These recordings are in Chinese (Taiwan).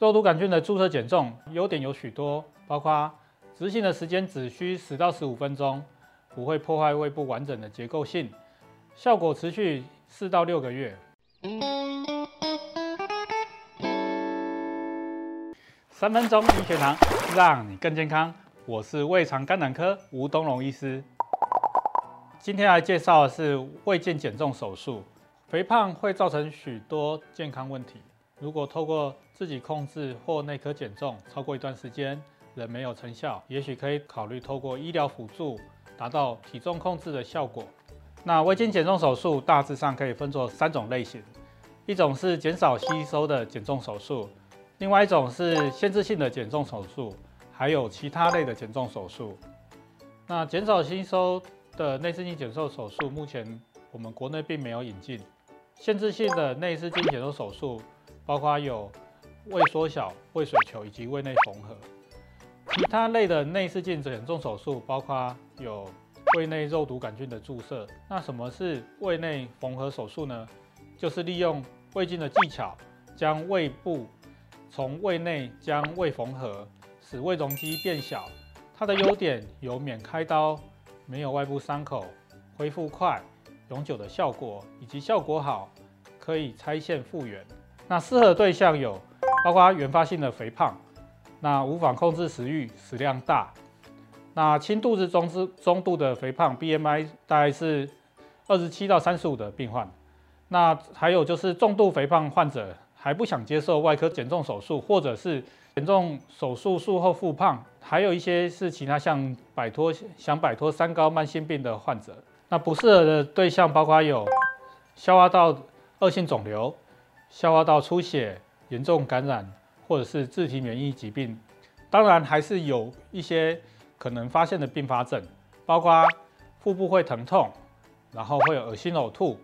肉毒桿菌的注射減重優點有許多，包括執行的時間只需十到十五分鐘，不會破壞胃部完整的結構性，效果持續四到六個月。三分鐘醫學堂，讓你更健康。我是胃腸肝膽科吳東龍醫師，今天來介紹的是胃鏡減重手術。肥胖會造成許多健康問題。如果透過自己控制或內科減重超過一段時間仍沒有成效，也許可以考慮透過醫療輔助達到體重控制的效果。那胃鏡減重手術大致上可以分作三種類型，一種是減少吸收的減重手術，另外一種是限制性的減重手術，還有其他類的減重手術。那減少吸收的內視鏡減重手術，目前我們國內並沒有引進。限制性的內視鏡減重手術，包括有胃縮小、胃水球以及胃內縫合，其他類的內視鏡減重手術包括有胃內肉毒桿菌的注射。那什麼是胃內縫合手術呢？就是利用胃鏡的技巧，將胃部從胃內將胃縫合，使胃容積變小。它的優點有免開刀、沒有外部傷口、恢復快、永久的效果以及效果好，可以拆線復原。那適合對象有，包括原發性的肥胖，那無法控制食慾、食量大，那輕度至中至中度的肥胖 （BMI 大概是二十七到三十五）的病患，那還有就是重度肥胖患者還不想接受外科減重手術，或者是減重手術術後復胖，還有一些是其他像擺脫想擺脫三高慢性病的患者。那不適合的對象包括有消化道惡性腫瘤。消化道出血、嚴重感染或者是自體免疫疾病，當然還是有一些可能發現的併發症，包括腹部會疼痛，然後會有噁心嘔吐，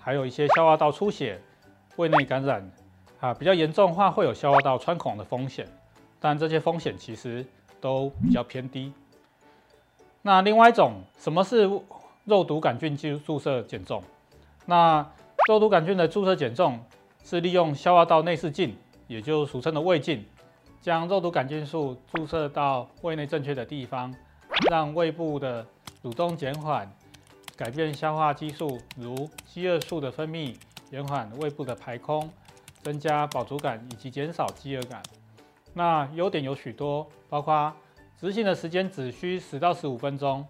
還有一些消化道出血、胃內感染啊。比較嚴重的話會有消化道穿孔的風險，但這些風險其實都比較偏低。那另外一種，什麼是肉毒桿菌菌注射減重？那肉毒桿菌的注射減重。是利用消化道內視鏡，也就是俗稱的胃鏡，將肉毒桿菌素注射到胃內正確的地方，讓胃部的蠕動減緩，改變消化激素如飢餓素的分泌，延緩胃部的排空，增加飽足感以及減少飢餓感。那優點有許多，包括執行的時間只需十到十五分鐘，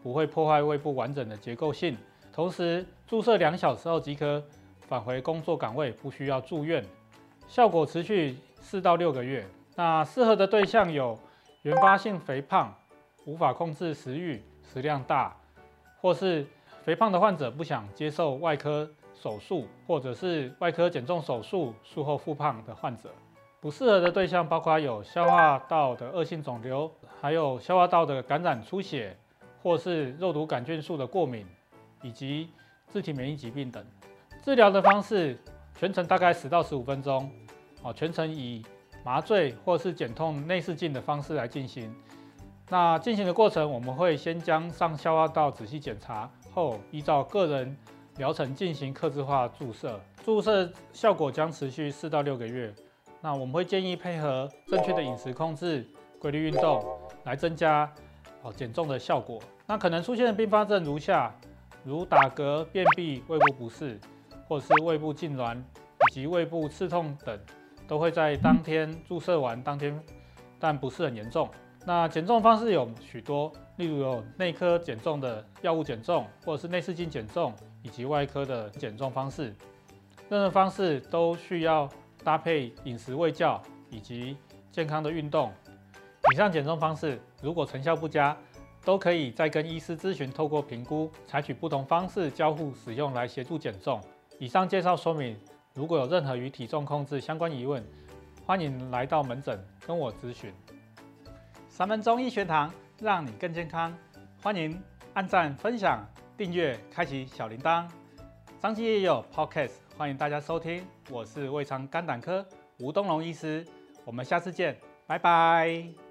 不會破壞胃部完整的結構性，同時注射兩小時後即可。返回工作崗位，不需要住院，效果持續四到六個月。那適合的對象有原發性肥胖、無法控制食慾、食量大，或是肥胖的患者不想接受外科手術，或者是外科減重手術術後復胖的患者。不適合的對象包括有消化道的惡性腫瘤，還有消化道的感染出血，或是肉毒桿菌素的過敏，以及自體免疫疾病等。治療的方式，全程大概十到十五分鐘，哦，全程以麻醉或是減痛內視鏡的方式來進行。那進行的過程，我們會先將上消化道仔細檢查後，依照個人療程進行客製化注射，注射效果將持續四到六個月。那我們會建議配合正確的飲食控制、規律運動來增加哦，減重的效果。那可能出現的并發症如下：如打嗝、便秘、胃部不適。或者是胃部痙攣以及胃部刺痛等，都會在當天注射完當天，但不是很嚴重。那減重方式有許多，例如有內科減重的藥物減重，或者是內視鏡減重，以及外科的減重方式。任何方式都需要搭配飲食衛教以及健康的運動。以上減重方式如果成效不佳，都可以再跟醫師諮詢，透過評估，採取不同方式交互使用來協助減重。以上介紹說明，如果有任何與體重控制相關疑問，歡迎來到門診跟我諮詢。三分鐘醫學堂，讓你更健康。歡迎按讚、分享、訂閱、開啟小鈴鐺。彰基也有 Podcast，歡迎大家收聽。我是胃腸肝膽科吳東龍醫師，我們下次見，拜拜。